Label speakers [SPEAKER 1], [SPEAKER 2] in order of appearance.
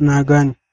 [SPEAKER 1] Na gane.